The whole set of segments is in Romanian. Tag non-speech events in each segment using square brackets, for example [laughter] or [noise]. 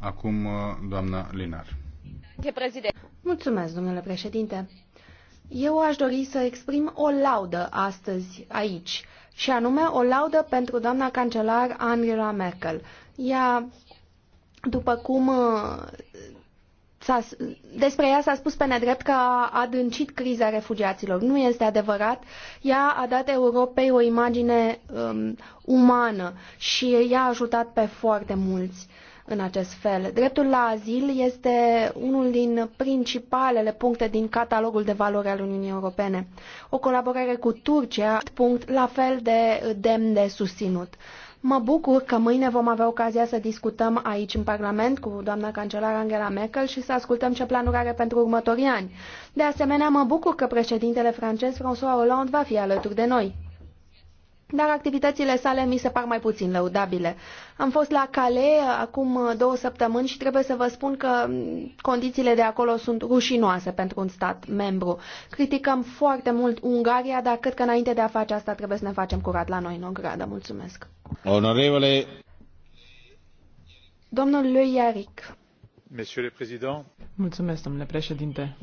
Acum, uh, doamna Linar. Mulțumesc, domnule președinte. Eu aș dori să exprim o laudă astăzi aici, și anume o laudă pentru doamna cancelar Angela Merkel. Ea, după cum uh, despre ea s-a spus pe nedrept că a adâncit criza refugiaților. Nu este adevărat. Ea a dat Europei o imagine um, umană și i-a ajutat pe foarte mulți în acest fel. Dreptul la azil este unul din principalele puncte din catalogul de valori al Uniunii Europene. O colaborare cu Turcia, punct la fel de demn de susținut. Mă bucur că mâine vom avea ocazia să discutăm aici în Parlament cu doamna cancelar Angela Merkel și să ascultăm ce planuri are pentru următorii ani. De asemenea, mă bucur că președintele francez François Hollande va fi alături de noi dar activitățile sale mi se par mai puțin lăudabile. Am fost la Calais uh, acum uh, două săptămâni și trebuie să vă spun că mm, condițiile de acolo sunt rușinoase pentru un stat membru. Criticăm foarte mult Ungaria, dar cred că înainte de a face asta trebuie să ne facem curat la noi în ogradă. Mulțumesc. Onorevole. Domnul Le Iaric. Mulțumesc, domnule președinte.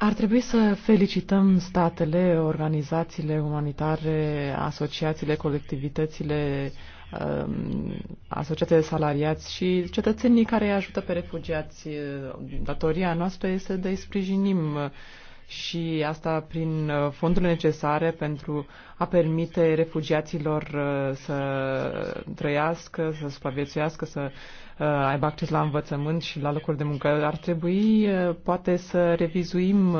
Ar trebui să felicităm statele, organizațiile umanitare, asociațiile, colectivitățile, um, asociațiile de salariați și cetățenii care îi ajută pe refugiați. Datoria noastră este de a-i sprijinim și asta prin uh, fonduri necesare pentru a permite refugiaților uh, să trăiască, să supraviețuiască, să uh, aibă acces la învățământ și la locuri de muncă. Ar trebui poate să revizuim,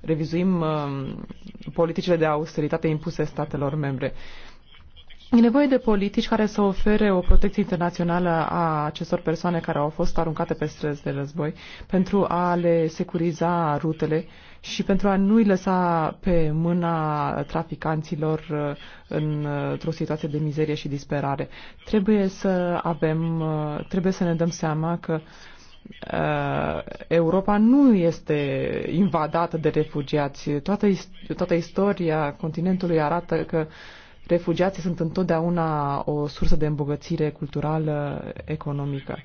revizuim politicile de austeritate impuse statelor membre. E nevoie de politici care să ofere o protecție internațională a acestor persoane care au fost aruncate pe străzi de război pentru a le securiza rutele uh, și pentru a nu-i lăsa pe mâna traficanților uh, uh, într-o situație de mizerie și disperare. Trebuie să avem, uh, trebuie să ne dăm seama că Europa nu este invadată de refugiați. Toată, toată istoria continentului arată că refugiații sunt întotdeauna o sursă de îmbogățire culturală, economică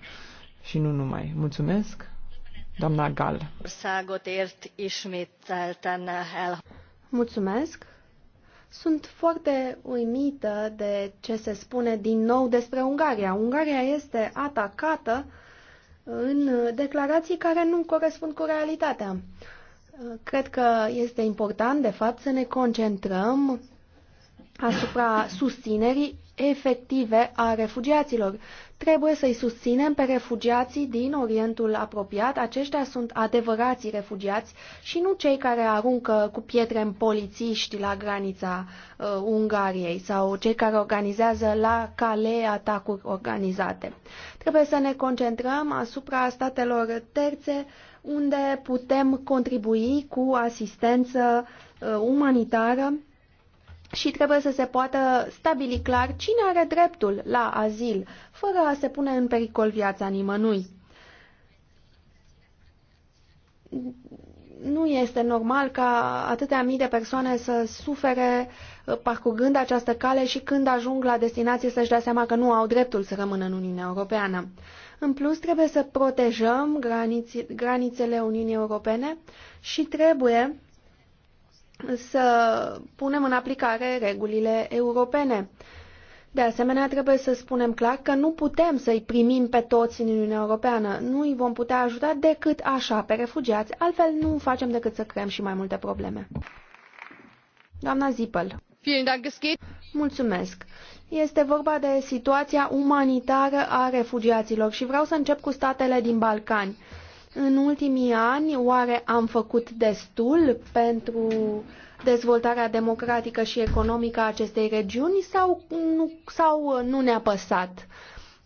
și nu numai. Mulțumesc! Gal. Mulțumesc. Sunt foarte uimită de ce se spune din nou despre Ungaria. Ungaria este atacată în declarații care nu corespund cu realitatea. Cred că este important, de fapt, să ne concentrăm asupra susținerii efective a refugiaților. Trebuie să-i susținem pe refugiații din Orientul apropiat. Aceștia sunt adevărații refugiați și nu cei care aruncă cu pietre în polițiști la granița uh, Ungariei sau cei care organizează la cale atacuri organizate. Trebuie să ne concentrăm asupra statelor terțe unde putem contribui cu asistență uh, umanitară și trebuie să se poată stabili clar cine are dreptul la azil, fără a se pune în pericol viața nimănui. Nu este normal ca atâtea mii de persoane să sufere uh, parcurgând această cale și când ajung la destinație să-și dea seama că nu au dreptul să rămână în Uniunea Europeană. În plus, trebuie să protejăm graniț granițele Uniunii Europene și trebuie să punem în aplicare regulile europene. De asemenea, trebuie să spunem clar că nu putem să-i primim pe toți în Uniunea Europeană. Nu îi vom putea ajuta decât așa, pe refugiați. Altfel nu facem decât să creăm și mai multe probleme. Doamna Zipel. Mulțumesc. Este vorba de situația umanitară a refugiaților și vreau să încep cu statele din Balcani. În ultimii ani, oare am făcut destul pentru dezvoltarea democratică și economică a acestei regiuni sau nu, sau nu ne-a păsat?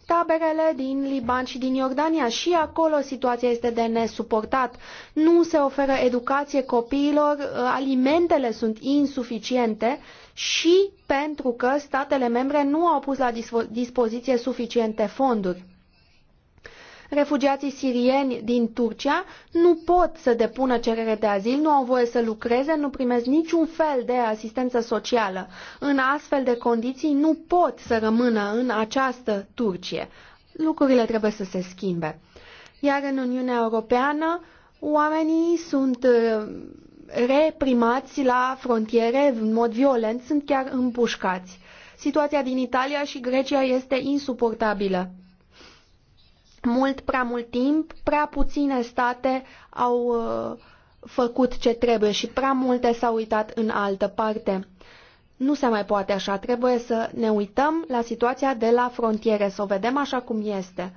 Taberele din Liban și din Iordania, și acolo situația este de nesuportat. Nu se oferă educație copiilor, alimentele sunt insuficiente și pentru că statele membre nu au pus la dispoziție suficiente fonduri refugiații sirieni din Turcia nu pot să depună cerere de azil, nu au voie să lucreze, nu primesc niciun fel de asistență socială. În astfel de condiții nu pot să rămână în această Turcie. Lucrurile trebuie să se schimbe. Iar în Uniunea Europeană, oamenii sunt uh, reprimați la frontiere în mod violent, sunt chiar împușcați. Situația din Italia și Grecia este insuportabilă mult prea mult timp, prea puține state au uh, făcut ce trebuie și prea multe s-au uitat în altă parte. Nu se mai poate așa, trebuie să ne uităm la situația de la frontiere, să o vedem așa cum este.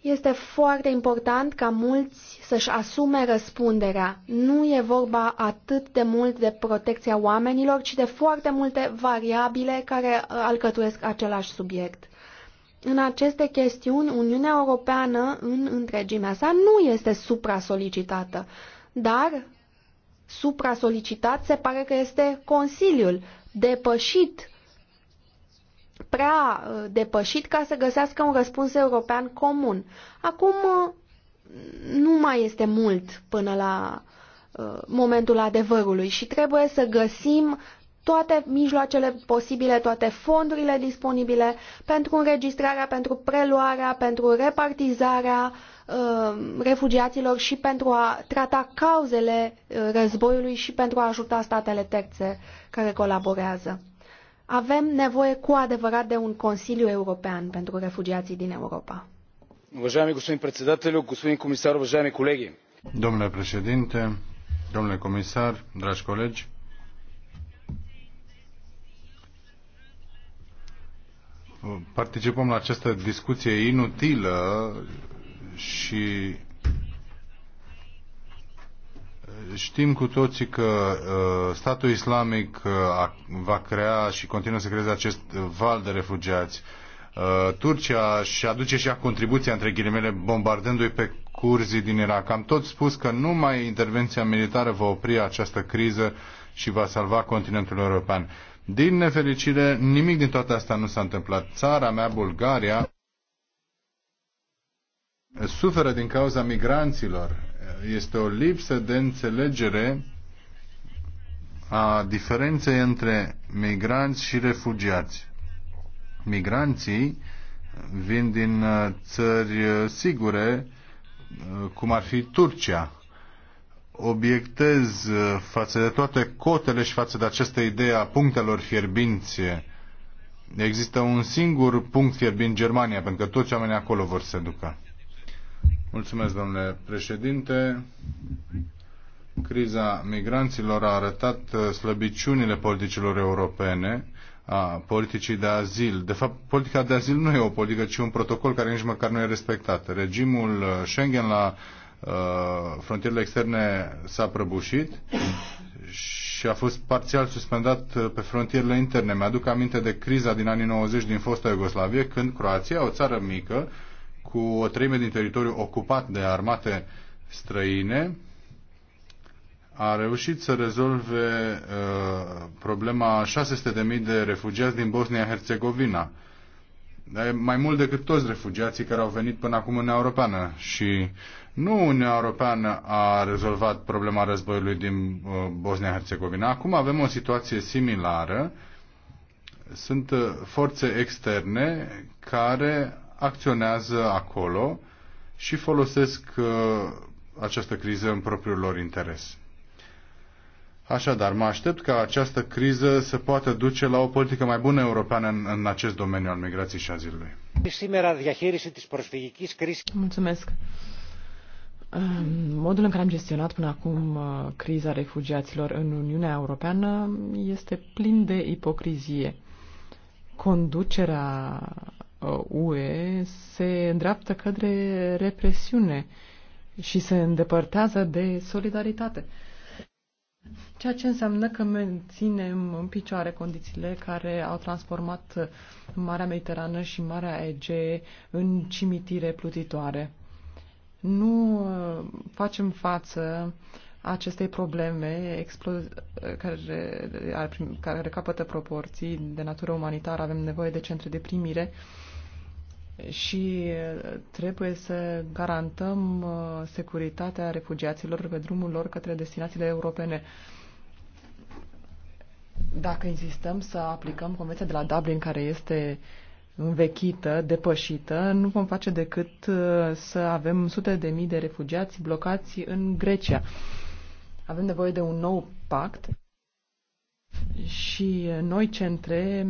Este foarte important ca mulți să-și asume răspunderea. Nu e vorba atât de mult de protecția oamenilor, ci de foarte multe variabile care uh, alcătuiesc același subiect în aceste chestiuni, Uniunea Europeană în întregimea sa nu este supra-solicitată, dar supra-solicitat se pare că este Consiliul depășit, prea uh, depășit ca să găsească un răspuns european comun. Acum uh, nu mai este mult până la uh, momentul adevărului și trebuie să găsim toate mijloacele posibile, toate fondurile disponibile pentru înregistrarea, pentru preluarea, pentru repartizarea uh, refugiaților și pentru a trata cauzele uh, războiului și pentru a ajuta statele terțe care colaborează. Avem nevoie cu adevărat de un Consiliu European pentru refugiații din Europa. Domnule președinte, domnule comisar, dragi colegi, participăm la această discuție inutilă și știm cu toții că uh, statul islamic uh, va crea și continuă să creeze acest val de refugiați. Uh, Turcia și aduce și a contribuția, între ghilimele, bombardându-i pe curzii din Irak. Am tot spus că numai intervenția militară va opri această criză și va salva continentul european. Din nefericire, nimic din toate astea nu s-a întâmplat. Țara mea, Bulgaria, suferă din cauza migranților. Este o lipsă de înțelegere a diferenței între migranți și refugiați. Migranții vin din uh, țări uh, sigure, uh, cum ar fi Turcia, obiectez uh, față de toate cotele și față de această idee a punctelor fierbinți. Există un singur punct fierbint Germania, pentru că toți oamenii acolo vor să ducă. Mulțumesc, domnule președinte. Criza migranților a arătat uh, slăbiciunile politicilor europene, a politicii de azil. De fapt, politica de azil nu e o politică, ci un protocol care nici măcar nu e respectat. Regimul uh, Schengen la Uh, frontierele externe s-a prăbușit și a fost parțial suspendat uh, pe frontierele interne. Mi-aduc aminte de criza din anii 90 din fosta Iugoslavie, când Croația, o țară mică, cu o treime din teritoriu ocupat de armate străine, a reușit să rezolve uh, problema 600.000 de refugiați din Bosnia-Herzegovina. Uh, mai mult decât toți refugiații care au venit până acum în Uniunea Europeană și nu Uniunea Europeană a rezolvat problema războiului din uh, Bosnia-Herzegovina. Acum avem o situație similară. Sunt uh, forțe externe care acționează acolo și folosesc uh, această criză în propriul lor interes. Așadar, mă aștept ca această criză să poată duce la o politică mai bună europeană în, în acest domeniu al migrației și azilului. Mulțumesc. Modul în care am gestionat până acum uh, criza refugiaților în Uniunea Europeană este plin de ipocrizie. Conducerea uh, UE se îndreaptă către represiune și se îndepărtează de solidaritate ceea ce înseamnă că menținem în picioare condițiile care au transformat Marea Mediterană și Marea Egee în cimitire plutitoare. Nu uh, facem față acestei probleme care, care capătă proporții de natură umanitară, avem nevoie de centre de primire și uh, trebuie să garantăm uh, securitatea refugiaților pe drumul lor către destinațiile europene. Dacă insistăm să aplicăm Convenția de la Dublin, care este învechită, depășită, nu vom face decât uh, să avem sute de mii de refugiați blocați în Grecia. Avem nevoie de un nou pact și noi centre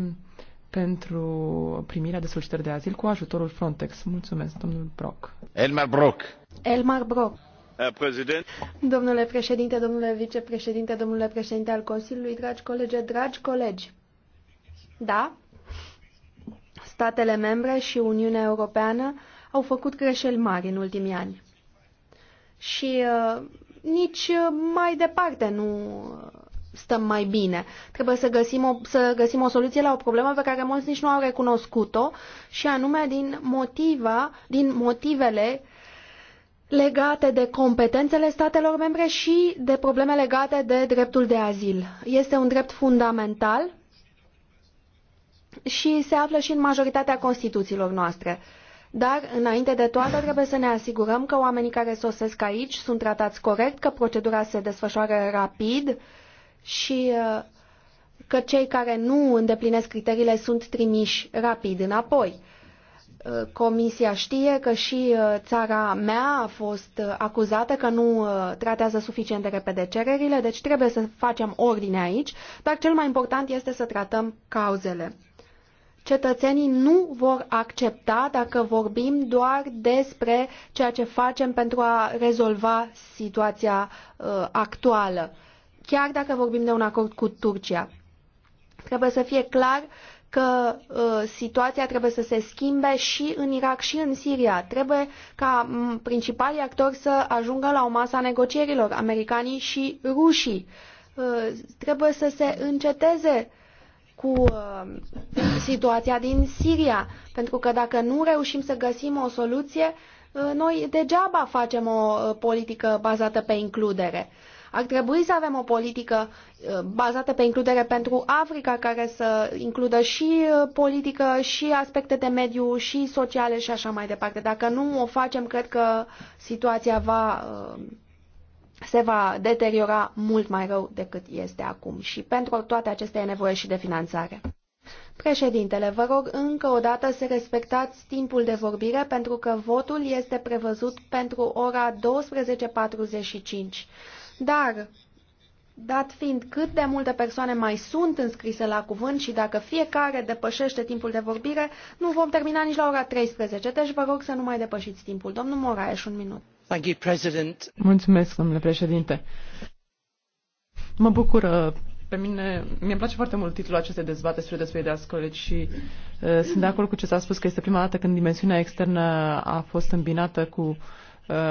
pentru primirea de solicitări de azil cu ajutorul Frontex. Mulțumesc, domnul Brock. Elmar Brock. Elmar Brock. Domnule președinte, domnule vicepreședinte, domnule președinte al Consiliului, dragi colegi, dragi colegi. Da, statele membre și Uniunea Europeană au făcut greșeli mari în ultimii ani. Și uh, nici uh, mai departe nu uh, stăm mai bine. Trebuie să găsim, o, să găsim o soluție la o problemă pe care mulți nici nu au recunoscut-o și anume din, motiva, din motivele legate de competențele statelor membre și de probleme legate de dreptul de azil. Este un drept fundamental și se află și în majoritatea Constituțiilor noastre. Dar, înainte de toate, trebuie să ne asigurăm că oamenii care sosesc aici sunt tratați corect, că procedura se desfășoară rapid și uh, că cei care nu îndeplinesc criteriile sunt trimiși rapid înapoi. Uh, comisia știe că și uh, țara mea a fost uh, acuzată că nu tratează suficient de repede cererile, deci trebuie să facem ordine aici, dar cel mai important este să tratăm cauzele. Cetățenii nu vor accepta dacă vorbim doar despre ceea ce facem pentru a rezolva situația actuală, chiar dacă vorbim de un acord cu Turcia. Trebuie să fie clar uh, că uh, situația trebuie să se schimbe și în Irak și în Siria. Trebuie ca principalii actori să ajungă la o masă a negocierilor, americanii și rușii. Uh, trebuie să se înceteze cu uh, situația din Siria, pentru că dacă nu reușim să găsim o soluție, uh, noi degeaba facem o uh, politică bazată pe includere. Ar trebui să avem o politică uh, bazată pe includere pentru Africa, care să includă și uh, politică, și aspecte de mediu, și sociale, și așa mai departe. Dacă nu o facem, cred că situația va, uh, se va deteriora mult mai rău decât este acum. Și pentru toate acestea e nevoie și de finanțare. Președintele, vă rog încă o dată să respectați timpul de vorbire pentru că votul este prevăzut pentru ora 12.45. Dar, dat fiind cât de multe persoane mai sunt înscrise la cuvânt și dacă fiecare depășește timpul de vorbire, nu vom termina nici la ora 13, deci vă rog să nu mai depășiți timpul. Domnul Moraes, un minut. Thank you, President. Mulțumesc, domnule președinte. Mă bucură uh, pe mine, mi-e place foarte mult titlul acestei dezbateri despre despedirea colegi și uh, sunt de acord cu ce s-a spus că este prima dată când dimensiunea externă a fost îmbinată cu uh,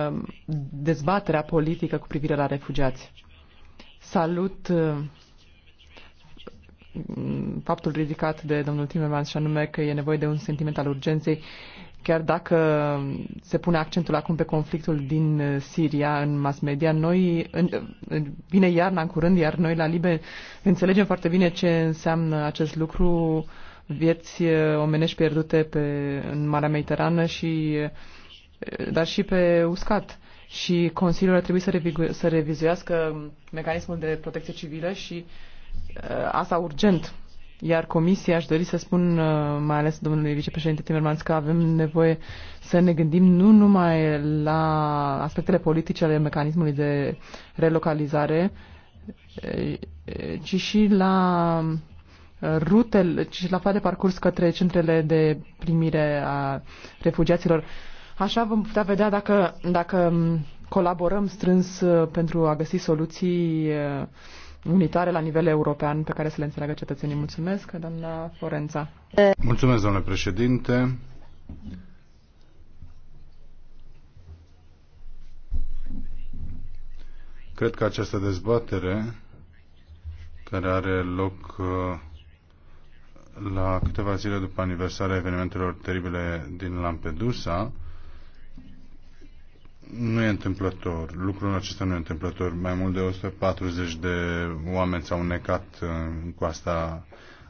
Um, dezbaterea politică cu privire la refugiați. Salut um, faptul ridicat de domnul Timmermans și anume că e nevoie de un sentiment al urgenței, chiar dacă se pune accentul acum pe conflictul din uh, Siria în mass media, noi, în, vine iarna în curând, iar noi la Libe înțelegem foarte bine ce înseamnă acest lucru, vieți uh, omenești pierdute pe, în Marea Mediterană și uh, dar și pe uscat. Și Consiliul ar trebui să, revigu- să revizuiască mecanismul de protecție civilă și uh, asta urgent. Iar Comisia, aș dori să spun, uh, mai ales domnului vicepreședinte Timmermans, că avem nevoie să ne gândim nu numai la aspectele politice ale mecanismului de relocalizare, uh, ci și la uh, rutele, ci și la foaia de parcurs către centrele de primire a refugiaților. Așa vom putea vedea dacă, dacă colaborăm strâns uh, pentru a găsi soluții uh, unitare la nivel european pe care să le înțeleagă cetățenii. Mulțumesc, doamna Florența. Mulțumesc, domnule președinte. Cred că această dezbatere care are loc uh, la câteva zile după aniversarea evenimentelor teribile din Lampedusa nu e întâmplător, lucrul acesta nu e întâmplător. Mai mult de 140 de oameni s-au necat în uh, coasta,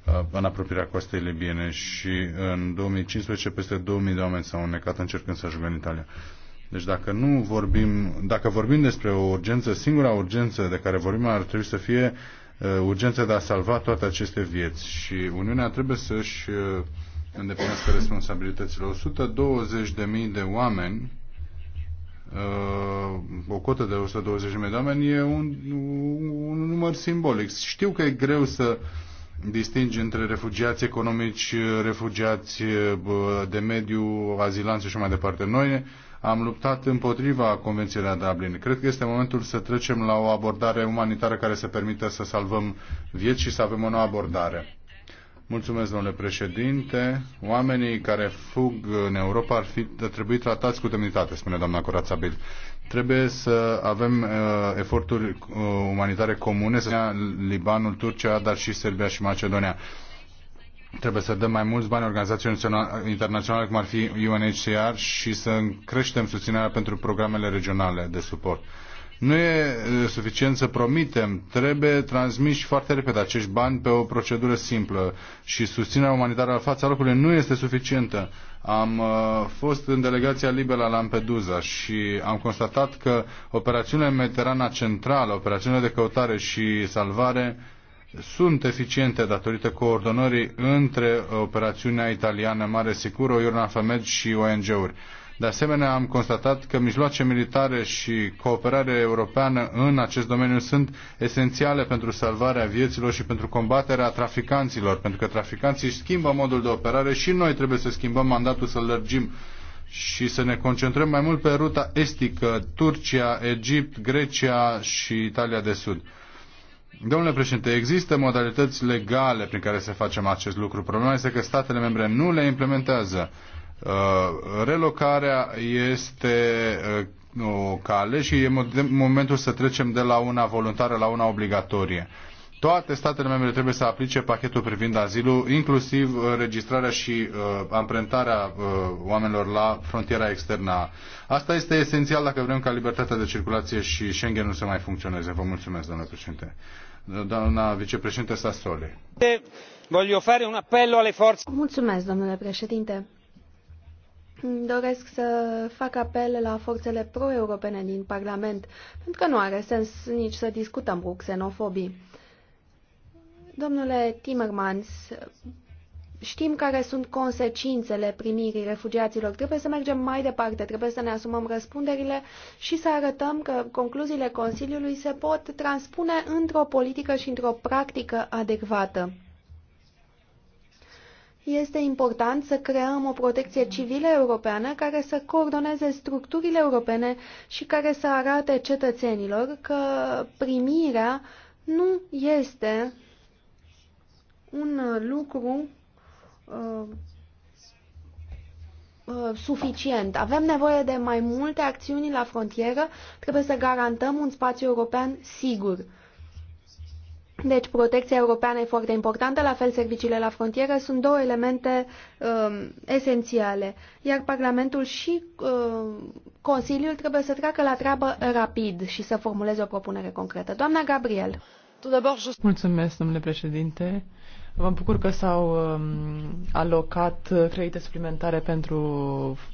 uh, în apropierea coastei libiene și în 2015 peste 2000 de oameni s-au necat încercând să ajungă în Italia. Deci dacă nu vorbim, dacă vorbim despre o urgență, singura urgență de care vorbim ar trebui să fie uh, urgența de a salva toate aceste vieți și Uniunea trebuie să-și îndeplinească responsabilitățile. 120.000 de oameni Uh, o cotă de 120 de oameni e un, un număr simbolic. Știu că e greu să distingi între refugiați economici, refugiați uh, de mediu, azilanți și mai departe. Noi am luptat împotriva Convenției la Dublin. Cred că este momentul să trecem la o abordare umanitară care să permită să salvăm vieți și să avem o nouă abordare. Mulțumesc, domnule președinte. Oamenii care fug în Europa ar fi trebuit tratați cu demnitate, spune doamna Corața bil Trebuie să avem uh, eforturi uh, umanitare comune, să Libanul, Turcia, dar și Serbia și Macedonia. Trebuie să dăm mai mulți bani organizațiilor internaționale, cum ar fi UNHCR, și să creștem susținerea pentru programele regionale de suport. Uh, nu e suficient să promitem, trebuie transmiși foarte repede acești bani pe o procedură simplă și susținerea umanitară la fața locului nu este suficientă. Am fost în delegația Libe la Lampedusa și am constatat că operațiunile Mediterana Centrală, operațiunile de căutare și salvare sunt eficiente datorită coordonării între operațiunea italiană Mare Sicuro, Iurna Femed și ONG-uri. De asemenea, am constatat că mijloace militare și cooperare europeană în acest domeniu sunt esențiale pentru salvarea vieților și pentru combaterea traficanților, pentru că traficanții își schimbă modul de operare și noi trebuie să schimbăm mandatul, să lărgim și să ne concentrăm mai mult pe ruta estică, Turcia, Egipt, Grecia și Italia de Sud. Domnule președinte, există modalități legale prin care să facem acest lucru. Problema este că statele membre nu le implementează. Uh, relocarea este uh, o cale și e momentul să trecem de la una voluntară la una obligatorie. Toate statele membre trebuie să aplice pachetul privind azilul, inclusiv uh, registrarea și uh, amprentarea uh, oamenilor la frontiera externă. Asta este esențial dacă vrem ca libertatea de circulație și Schengen nu să mai funcționeze. Vă mulțumesc, doamna președinte. Doamna vicepreședinte Sassoli. un Mulțumesc, domnule președinte Mm, doresc să fac apel la forțele pro-europene din Parlament, pentru că nu are sens nici să discutăm cu xenofobii. Domnule Timmermans, știm care sunt consecințele primirii refugiaților. Trebuie să mergem mai departe, trebuie să ne asumăm răspunderile și să arătăm că concluziile Consiliului se pot transpune într-o politică și într-o practică adecvată este important să creăm o protecție civilă europeană care să coordoneze structurile europene și care să arate cetățenilor că primirea nu este un lucru uh, uh, suficient. Avem nevoie de mai multe acțiuni la frontieră, trebuie să garantăm un spațiu european sigur. Deci protecția europeană e foarte importantă, la fel serviciile la frontieră sunt două elemente uh, esențiale, iar Parlamentul și uh, Consiliul trebuie să treacă la treabă rapid și să formuleze o propunere concretă. Doamna Gabriel. Mulțumesc, domnule președinte. Vă bucur că s-au um, alocat credite suplimentare pentru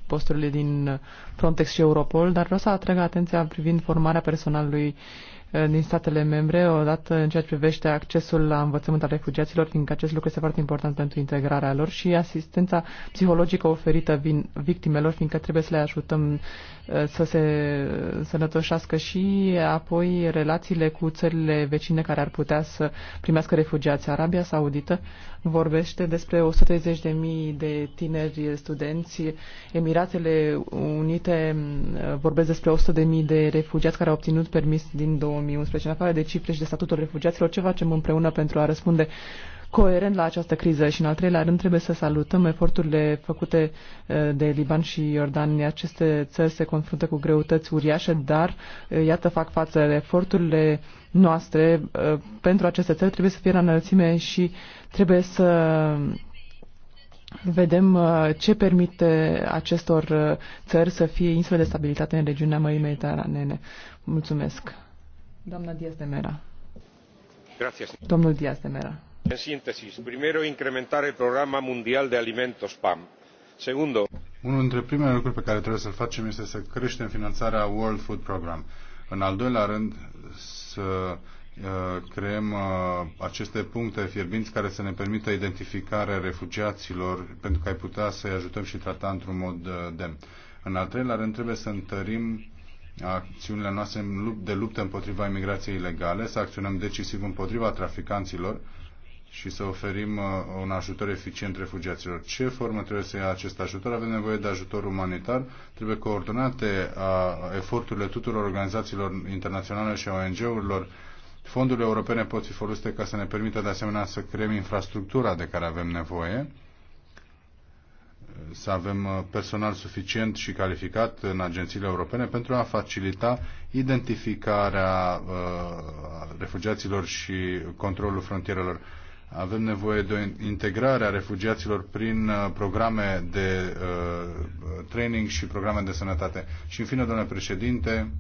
posturile din Frontex și Europol, dar vreau să atrag atenția privind formarea personalului uh, Eh, din statele membre, odată în ceea ce privește accesul la învățământ al refugiaților, fiindcă acest lucru este foarte important pentru integrarea lor și asistența psihologică oferită vin, victimelor, fiindcă trebuie să le ajutăm eh, să se sănătoșească și apoi relațiile cu țările vecine care ar putea să primească refugiați. Arabia Saudită vorbește despre 130.000 de tineri studenți. Emiratele Unite mm, vorbesc despre 100.000 de refugiați care au obținut permis din 2011. În afară de cifre și de statutul refugiaților, ce facem împreună pentru a răspunde coerent la această criză și, în al treilea rând, trebuie să salutăm eforturile făcute uh, de Liban și Iordania. Aceste țări se confruntă cu greutăți uriașe, dar, uh, iată, fac față eforturile noastre uh, pentru aceste țări trebuie să fie la înălțime și trebuie să vedem ce permite acestor țări să fie insule de stabilitate în regiunea Mării Mediteranene. Mulțumesc. Doamna Diaz de Mera. Gracias. Domnul Diaz de Mera en síntesis primero incrementar el programa mundial de alimentos pam. segundo unul dintre primele lucruri pe care trebuie să-l facem este să creștem finanțarea World Food Program. În al doilea rând, să uh, creăm uh, aceste puncte fierbinți care să ne permită identificarea refugiaților pentru că ai putea să-i ajutăm și trata într-un mod uh, demn. În al treilea rând, trebuie să întărim acțiunile noastre de luptă împotriva imigrației ilegale, să acționăm decisiv împotriva traficanților și să oferim uh, un ajutor eficient refugiaților. Ce formă trebuie să ia acest ajutor? Avem nevoie de ajutor umanitar. Trebuie coordonate uh, eforturile tuturor organizațiilor internaționale și ONG-urilor. Fondurile europene pot fi folosite ca să ne permită de asemenea să creăm infrastructura de care avem nevoie, să avem uh, personal suficient și calificat în agențiile europene pentru a facilita identificarea refugiaților și controlul frontierelor avem nevoie de o integrare a refugiaților prin uh, programe de uh, training și programe de sănătate. Și în fine, domnule președinte,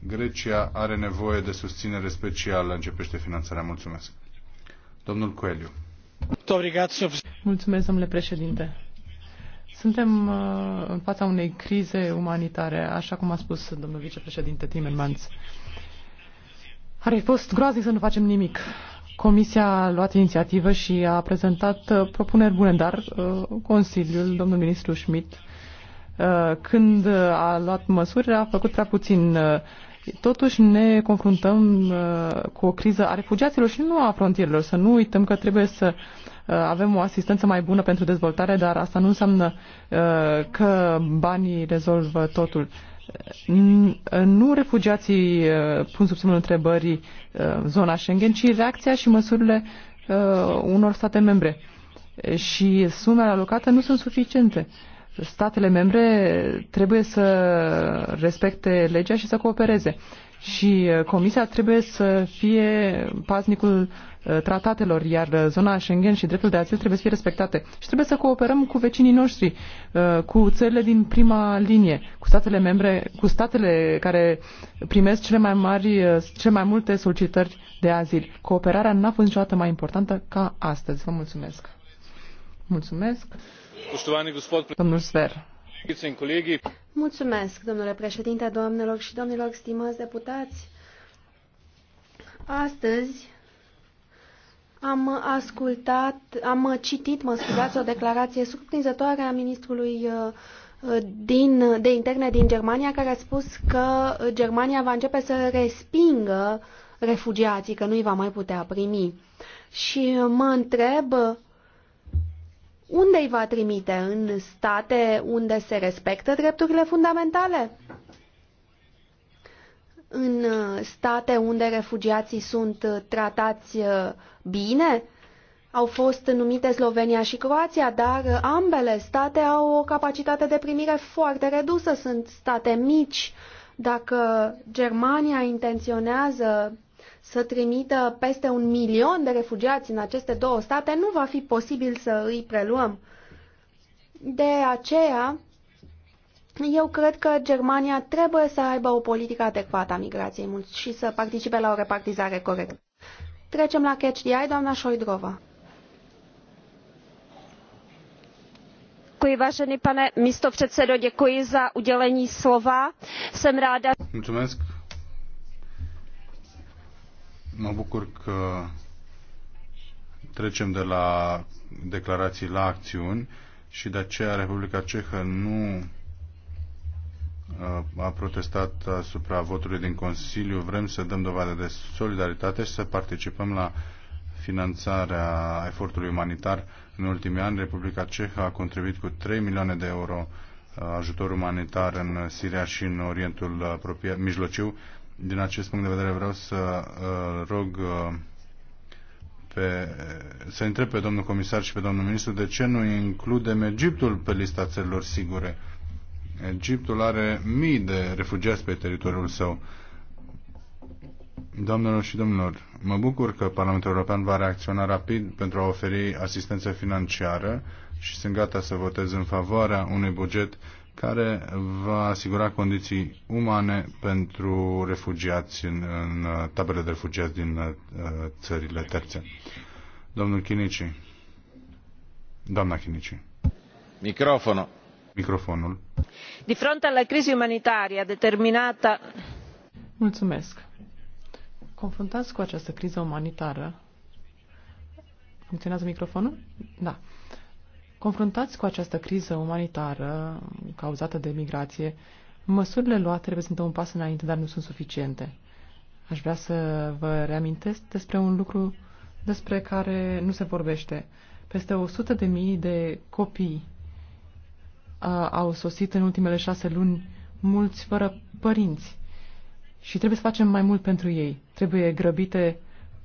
Grecia are nevoie de susținere specială, începește finanțarea. Mulțumesc. Domnul Coeliu. Mulțumesc, domnule președinte. Suntem uh, în fața unei crize umanitare, așa cum a spus domnul vicepreședinte Timmermans. Ar fi fost groaznic să nu facem nimic. Comisia a luat inițiativă și a prezentat uh, propuneri bune, dar uh, Consiliul, domnul ministru Schmidt, uh, când a luat măsuri, a făcut prea puțin. Totuși ne confruntăm cu o criză a refugiaților și nu a frontierilor. Să nu uităm că trebuie să avem o asistență mai bună pentru dezvoltare, dar asta nu înseamnă că banii rezolvă totul nu refugiații uh, pun sub semnul întrebării uh, zona Schengen, ci reacția și măsurile uh, unor state membre. Și sumele alocate nu sunt suficiente. Statele membre trebuie să respecte legea și să coopereze și uh, Comisia trebuie să fie paznicul uh, tratatelor, iar uh, zona Schengen și dreptul de azil trebuie să fie respectate. Și trebuie să cooperăm cu vecinii noștri, cu țările din prima linie, cu statele membre, cu statele care primesc cele mai mari, cele mai multe solicitări de azil. Cooperarea n-a fost niciodată mai importantă ca astăzi. Vă mulțumesc. Mulțumesc. Domnul Sfer. Mulțumesc, domnule președinte, doamnelor și domnilor, stimați deputați. Astăzi am ascultat, am citit, mă scuzați, o declarație surprinzătoare a ministrului uh, din, de interne din Germania, care a spus că Germania va începe să respingă refugiații, că nu îi va mai putea primi. Și mă întreb unde îi va trimite? În state unde se respectă drepturile fundamentale? În uh, state unde refugiații sunt uh, tratați uh, bine? Au fost numite Slovenia și Croația, dar ambele state au o capacitate de primire foarte redusă, sunt state mici. Dacă Germania intenționează să trimită peste un milion de refugiați în aceste două state, nu va fi posibil să îi preluăm. De aceea, eu cred că Germania trebuie să aibă o politică adecvată a migrației și să participe la o repartizare corectă. Trecem la catch the eye, doamna Șoidrova. Mulțumesc, pane místopředsedo, děkuji za udělení slova. Jsem ráda. Mulțumesc, Mă bucur că trecem de la declarații la acțiuni și de aceea Republica Cehă nu uh, a protestat asupra votului din Consiliu. Vrem să dăm dovadă de solidaritate și să participăm la finanțarea efortului umanitar. În ultimii ani, Republica Cehă a contribuit cu 3 milioane de euro uh, ajutor umanitar în Siria și în Orientul uh, apropiat, mijlociu din acest punct de vedere vreau să uh, rog uh, pe, să întreb pe domnul comisar și pe domnul ministru de ce nu includem Egiptul pe lista țărilor sigure. Egiptul are mii de refugiați pe teritoriul său. Doamnelor și domnilor, mă bucur că Parlamentul European va reacționa rapid pentru a oferi asistență financiară și sunt gata să votez în favoarea unui buget care va asigura condiții umane pentru refugiați în, în uh, taberele de refugiați din uh, țările terțe. Domnul Chinici. Doamna Chinici. Microfonul. Microfonul. Di fronte alla crisi umanitaria determinata... Mulțumesc. Confruntați cu această criză umanitară... Funcționează microfonul? Da. Confruntați cu această criză umanitară cauzată de migrație, măsurile luate reprezintă un pas înainte, dar nu sunt suficiente. Aș vrea să vă reamintesc despre un lucru despre care nu se vorbește. Peste 100 de mii de copii au sosit în ultimele șase luni, mulți fără părinți. Și trebuie să facem mai mult pentru ei. Trebuie, grăbite,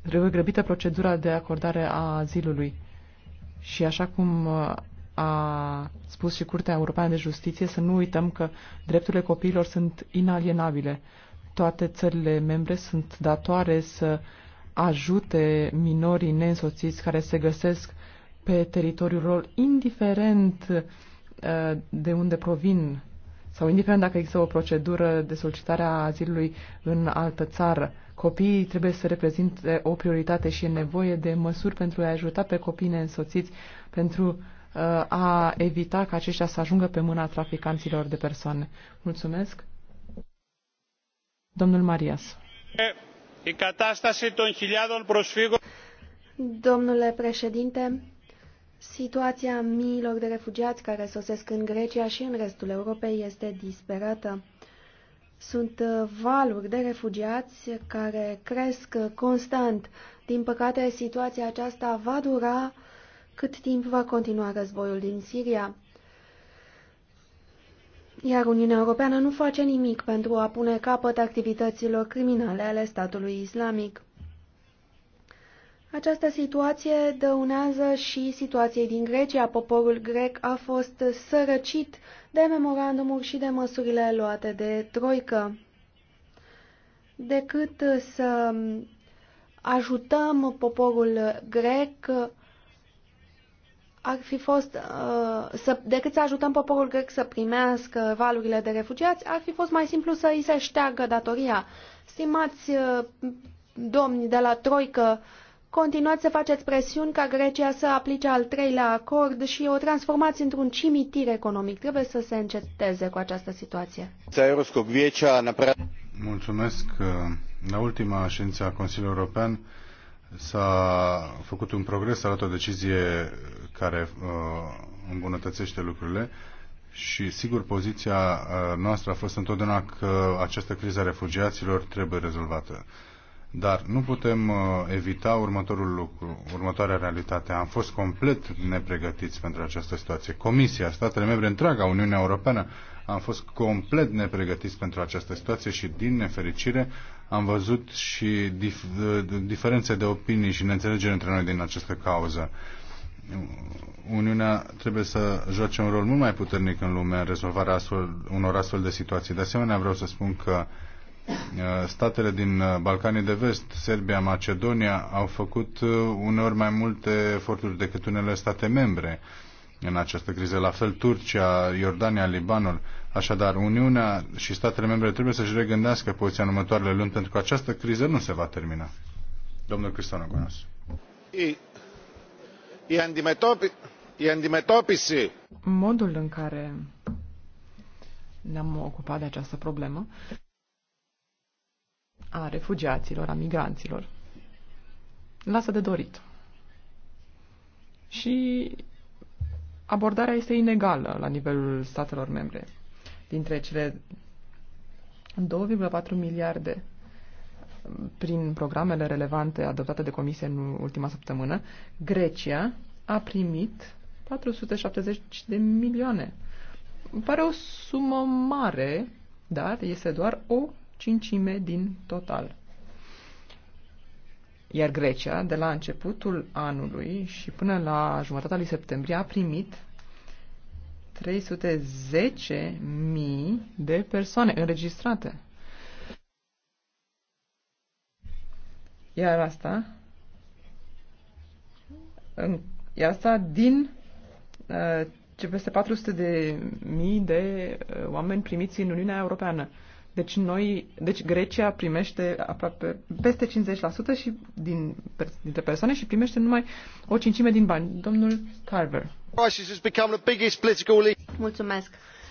trebuie grăbită procedura de acordare a azilului și așa cum uh, a spus și Curtea Europeană de Justiție, să nu uităm că drepturile copiilor sunt inalienabile. Toate țările membre sunt datoare să ajute minorii neînsoțiți care se găsesc pe teritoriul lor, indiferent uh, de unde provin sau indiferent dacă există o procedură de solicitare a azilului în altă țară. Copiii trebuie să reprezinte o prioritate și e nevoie de măsuri pentru a ajuta pe copii neînsoțiți, pentru uh, a evita ca aceștia să ajungă pe mâna traficanților de persoane. Mulțumesc. Domnul Marias. Domnule președinte, Situația miilor de refugiați care sosesc în Grecia și în restul Europei este disperată. Sunt uh, valuri de refugiați care cresc uh, constant. Din păcate, situația aceasta va dura cât timp va continua războiul din Siria. Iar Uniunea Europeană nu face nimic pentru a pune capăt activităților criminale ale statului islamic. Această situație dăunează și situației din Grecia. Poporul grec a fost sărăcit de memorandumuri și de măsurile luate de troică. Decât să ajutăm poporul grec, ar fi fost, uh, să, decât să ajutăm poporul grec să primească valurile de refugiați, ar fi fost mai simplu să îi se șteargă datoria. Stimați uh, domni de la Troică, Continuați să faceți presiuni ca Grecia să aplice al treilea acord și o transformați într-un cimitir economic. Trebuie să se înceteze cu această situație. Mulțumesc. La ultima ședință a Consiliului European s-a făcut un progres, s-a luat o decizie care uh, îmbunătățește lucrurile și sigur poziția uh, noastră a fost întotdeauna că această criză a refugiaților trebuie rezolvată. Dar nu putem uh, evita următorul lucru, următoarea realitate. Am fost complet nepregătiți pentru această situație. Comisia, statele membre, întreaga Uniunea Europeană, am fost complet nepregătiți pentru această situație și, din nefericire, am văzut și dif- uh, diferențe de opinii și neînțelegere între noi din această cauză. Uniunea trebuie să joace un rol mult mai puternic în lume în rezolvarea astfel, unor astfel de situații. De asemenea, vreau să spun că uh, Uh, statele din uh, Balcanii de Vest, Serbia, Macedonia, au făcut uh, uneori mai multe eforturi decât unele state membre în această criză. La fel Turcia, Iordania, Libanul. Așadar, Uniunea și statele membre trebuie să-și regândească poziția în următoarele luni, pentru că această criză nu se va termina. Domnul Cristian Gonas. Modul în care ne-am ocupat de această problemă a refugiaților, a migranților, lasă de dorit. Și abordarea este inegală la nivelul statelor membre. Dintre cele 2,4 miliarde prin programele relevante adoptate de comisie în ultima săptămână, Grecia a primit 470 de milioane. Pare o sumă mare, dar este doar o cincime din total. Iar Grecia, de la începutul anului și până la jumătatea lui septembrie, a primit 310.000 de persoane înregistrate. Iar asta, în, iar asta din uh, ce peste 400.000 de mii de uh, oameni primiți în Uniunea Europeană. Deci, noi, deci Grecia primește aproape peste 50% și din, dintre persoane și primește numai o cincime din bani. Domnul Carver. Mulțumesc.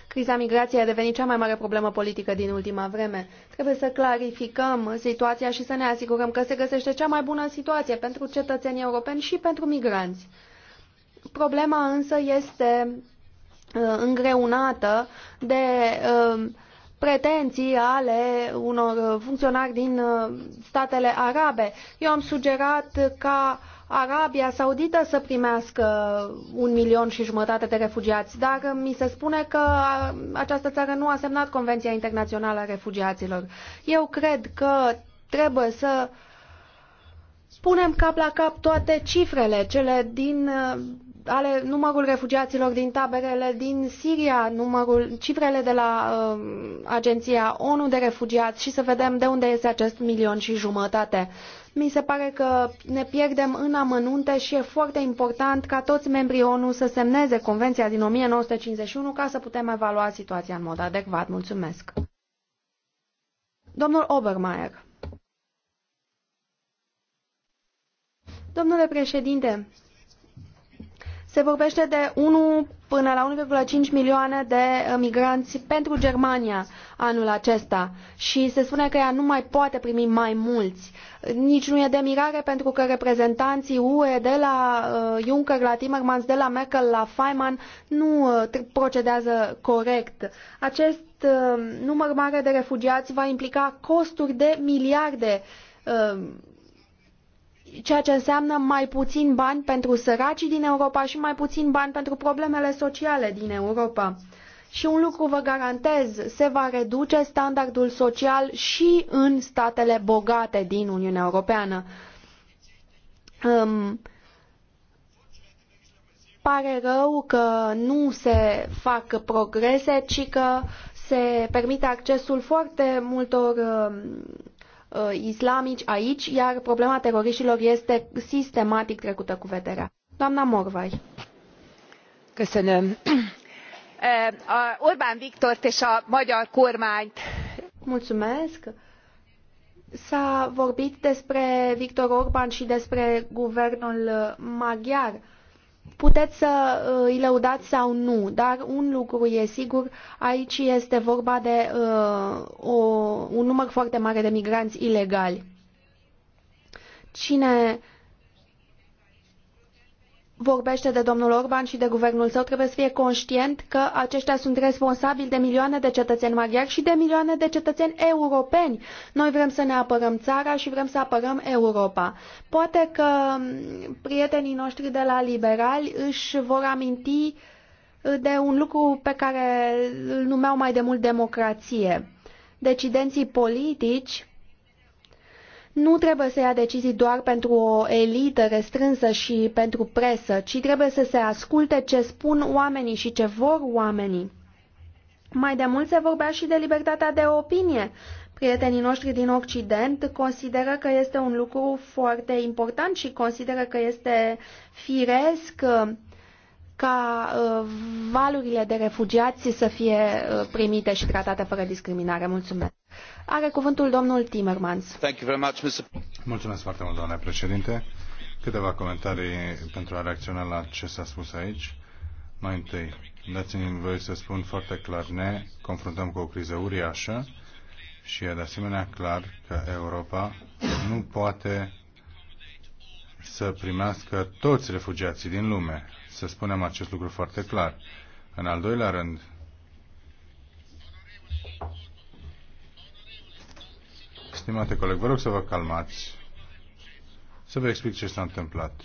Criza migrației a devenit cea mai mare problemă politică din ultima vreme. Trebuie să clarificăm situația și să ne asigurăm că se găsește cea mai bună situație pentru cetățenii europeni și pentru migranți. Problema însă este uh, îngreunată de uh, pretenții ale unor uh, funcționari din uh, statele arabe. Eu am sugerat ca Arabia Saudită să primească un milion și jumătate de refugiați, dar uh, mi se spune că această țară nu a semnat Convenția Internațională a Refugiaților. Eu cred că trebuie să punem cap la cap toate cifrele, cele din ale numărul refugiaților din taberele din Siria, numărul, cifrele de la uh, Agenția ONU de Refugiați și să vedem de unde este acest milion și jumătate. Mi se pare că ne pierdem în amănunte și e foarte important ca toți membrii ONU să semneze Convenția din 1951 ca să putem evalua situația în mod adecvat. Mulțumesc. Domnul Obermeier. Domnule președinte, se vorbește de 1 până la 1,5 milioane de uh, migranți pentru Germania anul acesta și se spune că ea nu mai poate primi mai mulți. Nici nu e de mirare pentru că reprezentanții UE de la uh, Juncker, la Timmermans, de la Merkel, la Feynman nu uh, procedează corect. Acest număr mare de refugiați va implica costuri de miliarde ceea ce înseamnă mai puțin bani pentru săracii din Europa și mai puțin bani pentru problemele sociale din Europa. Și un lucru vă garantez, se va reduce standardul social și în statele bogate din Uniunea Europeană. Um, pare rău că nu se fac progrese, ci că se permite accesul foarte multor Uh, islamici aici, iar problema teroriștilor este sistematic trecută cu vederea. Doamna Morvai. Köszönöm. [clears throat] Eh, Orbán Viktort és a magyar kormányt. Mulțumesc. S-a vorbit despre Victor Orban și despre guvernul maghiar puteți să uh, îi lăudați sau nu, dar un lucru e sigur, aici este vorba de uh, o, un număr foarte mare de migranți ilegali. Cine vorbește de domnul Orban și de guvernul său trebuie să fie conștient că aceștia sunt responsabili de milioane de cetățeni maghiari și de milioane de cetățeni europeni. Noi vrem să ne apărăm țara și vrem să apărăm Europa. Poate că mm, prietenii noștri de la liberali își vor aminti mm, de un lucru pe care îl numeau mai de mult democrație. Decidenții politici nu trebuie să ia decizii doar pentru o elită restrânsă și pentru presă, ci trebuie să se asculte ce spun oamenii și ce vor oamenii. Mai de mult se vorbea și de libertatea de opinie. Prietenii noștri din Occident consideră că este un lucru foarte important și consideră că este firesc uh, ca uh, valurile de refugiați să fie uh, primite și tratate fără discriminare. Mulțumesc! Are cuvântul Timmermans. Mulțumesc foarte mult, președinte. Câteva comentarii pentru a reacționa la ce s-a spus aici. Mai întâi, dați-mi voie să spun foarte clar, ne confruntăm cu o criză uriașă și e de asemenea clar că Europa nu poate să primească toți refugiații din lume. Să spunem acest lucru foarte clar. În al doilea rând, Stimate coleg, vă rog să vă calmați. Să vă explic ce s-a întâmplat.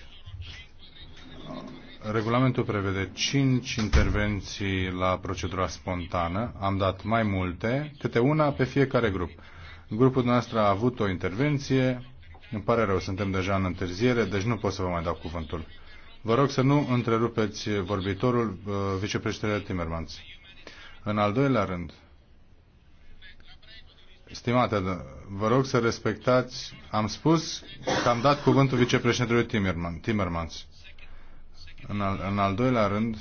Regulamentul prevede 5 intervenții la procedura spontană. Am dat mai multe, câte una pe fiecare grup. Grupul nostru a avut o intervenție. Îmi pare rău, suntem deja în întârziere, deci nu pot să vă mai dau cuvântul. Vă rog să nu întrerupeți vorbitorul, uh, vicepreședintele Timmermans. În al doilea rând, Stimată, vă rog să respectați, am spus că am dat cuvântul vicepreședintelui Timmerman, Timmermans. În al, în al doilea rând,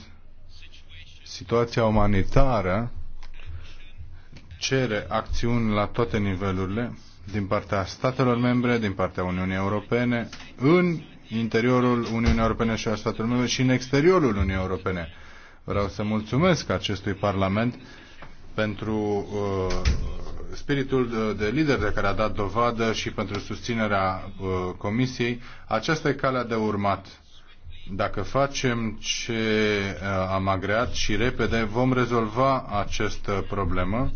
situația umanitară cere acțiuni la toate nivelurile, din partea statelor membre, din partea Uniunii Europene, în interiorul Uniunii Europene și a statelor membre și în exteriorul Uniunii Europene. Vreau să mulțumesc acestui Parlament pentru uh, spiritul de lider de care a dat dovadă și pentru susținerea uh, Comisiei, aceasta e calea de urmat. Dacă facem ce uh, am agreat și repede, vom rezolva această problemă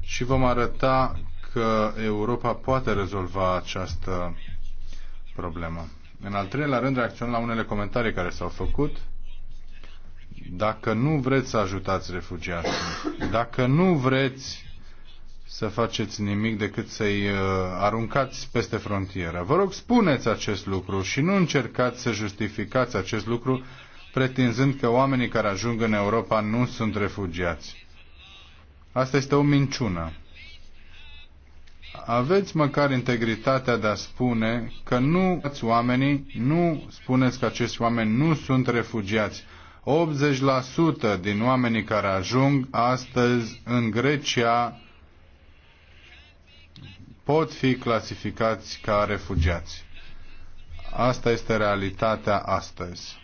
și vom arăta că Europa poate rezolva această problemă. În al treilea rând, reacționăm la unele comentarii care s-au făcut. Dacă nu vreți să ajutați refugiații, dacă nu vreți să faceți nimic decât să-i uh, aruncați peste frontieră. Vă rog, spuneți acest lucru și nu încercați să justificați acest lucru pretinzând că oamenii care ajung în Europa nu sunt refugiați. Asta este o minciună. Aveți măcar integritatea de a spune că nu ați oamenii, nu spuneți că acești oameni nu sunt refugiați. 80% din oamenii care ajung astăzi în Grecia pot fi clasificați ca refugiați. Asta este realitatea astăzi.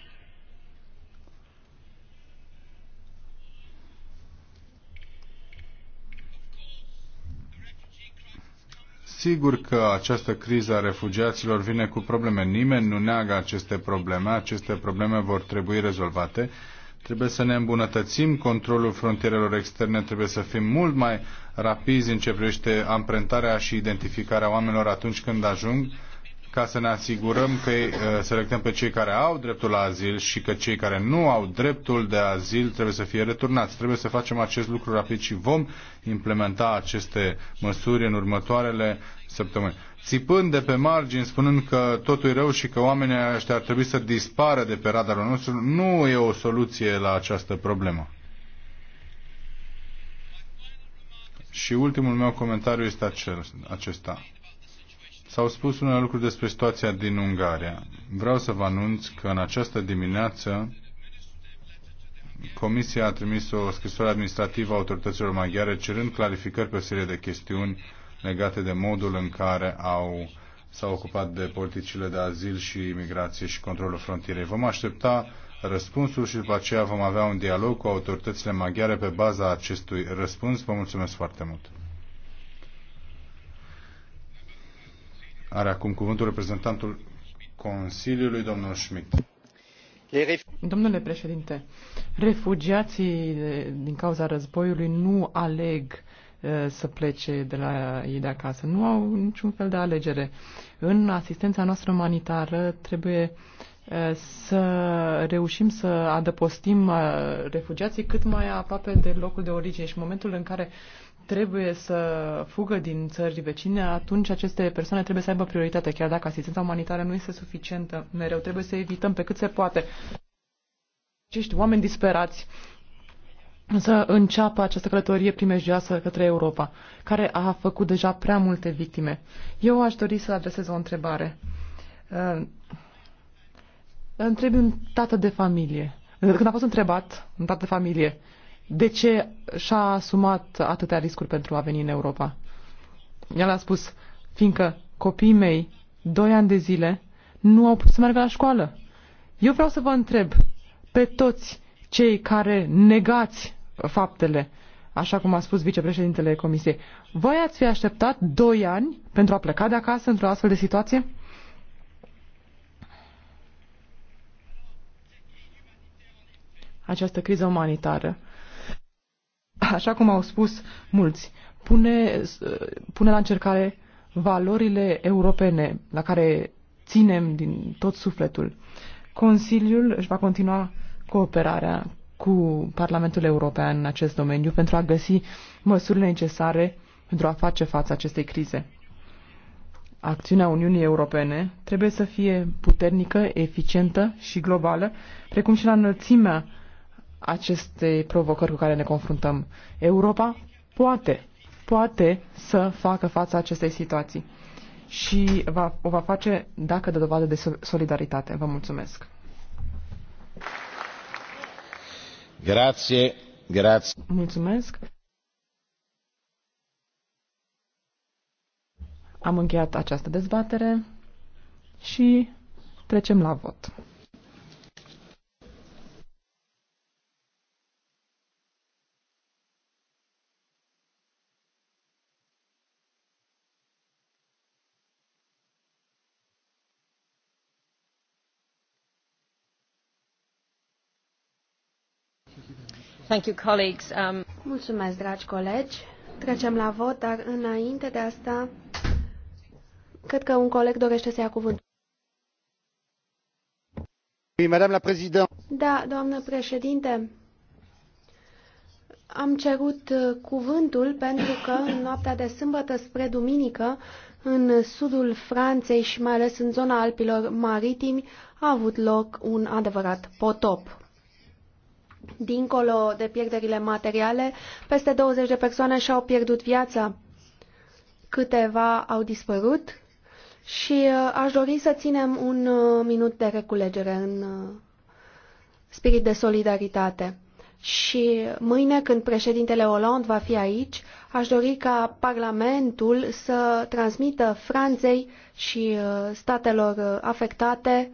Sigur că această criză a refugiaților vine cu probleme. Nimeni nu neagă aceste probleme. Aceste probleme vor trebui rezolvate, Trebuie să ne îmbunătățim controlul frontierelor externe, trebuie să fim mult mai rapizi în ce privește amprentarea și identificarea oamenilor atunci când ajung, ca să ne asigurăm că uh, selectăm pe cei care au dreptul la azil și că cei care nu au dreptul de azil trebuie să fie returnați. Trebuie să facem acest lucru rapid și vom implementa aceste măsuri în următoarele săptămâni. Țipând de pe margini, spunând că totul e rău și că oamenii ăștia ar trebui să dispară de pe radarul nostru, nu e o soluție la această problemă. Și ultimul meu comentariu este acel, acesta. S-au spus unele lucruri despre situația din Ungaria. Vreau să vă anunț că în această dimineață Comisia a trimis o scrisoare administrativă a autorităților maghiare cerând clarificări pe o serie de chestiuni legate de modul în care au s-au ocupat de politicile de azil și imigrație și controlul frontierei. Vom aștepta răspunsul și după aceea vom avea un dialog cu autoritățile maghiare pe baza acestui răspuns. Vă mulțumesc foarte mult. Are acum cuvântul reprezentantul Consiliului, domnul Schmidt. Domnule președinte, refugiații din cauza războiului nu aleg să plece de la ei de acasă. Nu au niciun fel de alegere. În asistența noastră umanitară trebuie să reușim să adăpostim refugiații cât mai aproape de locul de origine și în momentul în care trebuie să fugă din țări vecine, atunci aceste persoane trebuie să aibă prioritate, chiar dacă asistența umanitară nu este suficientă. Mereu trebuie să evităm pe cât se poate acești oameni disperați să înceapă această călătorie primejdioasă către Europa, care a făcut deja prea multe victime. Eu aș dori să adresez o întrebare. Uh, întreb un tată de familie. Când a fost întrebat, un tată de familie, de ce și-a asumat atâtea riscuri pentru a veni în Europa? El a spus, fiindcă copiii mei, doi ani de zile, nu au putut să meargă la școală. Eu vreau să vă întreb pe toți cei care negați faptele, așa cum a spus vicepreședintele Comisiei. Voi ați fi așteptat doi ani pentru a pleca de acasă într-o astfel de situație? Această criză umanitară, așa cum au spus mulți, pune, pune la încercare valorile europene la care ținem din tot sufletul. Consiliul își va continua cooperarea cu Parlamentul European în acest domeniu pentru a găsi măsurile necesare pentru a face față acestei crize. Acțiunea Uniunii Europene trebuie să fie puternică, eficientă și globală, precum și la înălțimea acestei provocări cu care ne confruntăm. Europa poate, poate să facă față acestei situații și va, o va face dacă dă dovadă de solidaritate. Vă mulțumesc! Grazie, grazie. Mulțumesc. Am încheiat această dezbatere și trecem la vot. Thank you, colleagues. Um... Mulțumesc, dragi colegi. Trecem la vot, dar înainte de asta, cred că un coleg dorește să ia cuvântul. Da, doamnă președinte, am cerut uh, cuvântul pentru că în noaptea de sâmbătă spre duminică, în sudul Franței și mai ales în zona Alpilor Maritimi, a avut loc un adevărat potop. Dincolo de pierderile materiale, peste 20 de persoane și-au pierdut viața. Câteva au dispărut și uh, aș dori să ținem un uh, minut de reculegere în uh, spirit de solidaritate. Și mâine, când președintele Hollande va fi aici, aș dori ca Parlamentul să transmită Franței și statelor afectate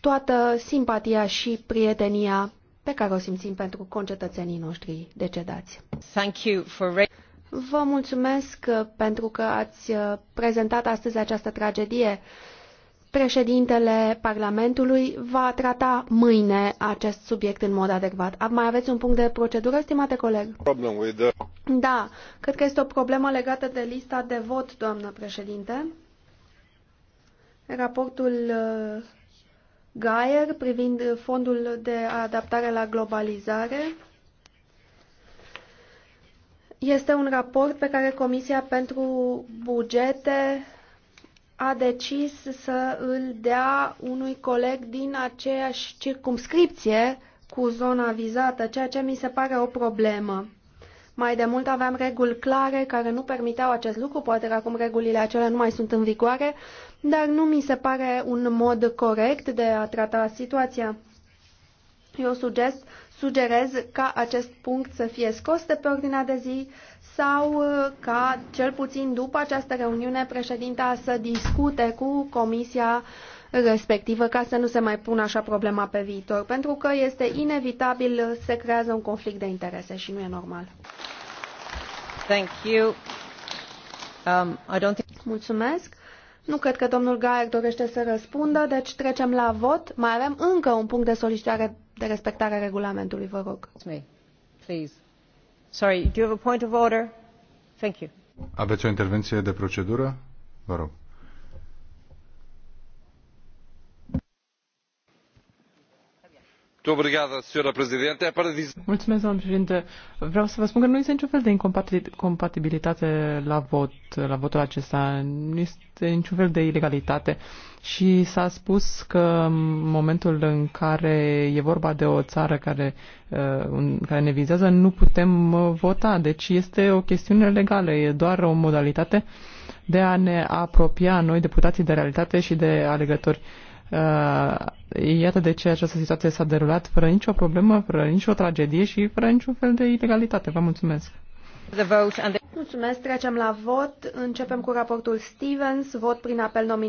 toată simpatia și prietenia pe care o simțim pentru concetățenii noștri decedați. Thank you for... Vă mulțumesc pentru că ați prezentat astăzi această tragedie. Președintele Parlamentului va trata mâine acest subiect în mod adecvat. Mai aveți un punct de procedură, stimate coleg? The... Da, cred că este o problemă legată de lista de vot, doamnă președinte. Raportul Gaier privind fondul de adaptare la globalizare. Este un raport pe care Comisia pentru Bugete a decis să îl dea unui coleg din aceeași circumscripție cu zona vizată, ceea ce mi se pare o problemă. Mai de mult aveam reguli clare care nu permiteau acest lucru, poate că acum regulile acelea nu mai sunt în vigoare, dar nu mi se pare un mod corect de a trata situația. Eu sugerez, sugerez ca acest punct să fie scos de pe ordinea de zi sau uh, ca, cel puțin după această reuniune, președinta să discute cu comisia respectivă ca să nu se mai pună așa problema pe viitor, pentru că este inevitabil, se creează un conflict de interese și nu e normal. Thank you. Um, I don't think... Mulțumesc. Nu cred că domnul Gaier dorește să răspundă, deci trecem la vot. Mai avem încă un punct de solicitare de respectare a regulamentului, vă rog. Sorry, do you have a point of order? Thank you. Aveți o intervenție de procedură? Vă rog. domnule președinte vreau să vă spun că nu este niciun fel de incompatibilitate la vot la votul acesta nu este niciun fel de ilegalitate și s-a spus că în momentul în care e vorba de o țară care, uh, care ne vizează nu putem uh, vota deci este o chestiune legală e doar o modalitate de a ne apropia noi deputații de realitate și de alegători. Uh, iată de ce această situație s-a derulat fără nicio problemă, fără nicio tragedie și fără niciun fel de ilegalitate. Vă mulțumesc! Mulțumesc, trecem la vot. Începem cu raportul Stevens, vot prin apel nominal.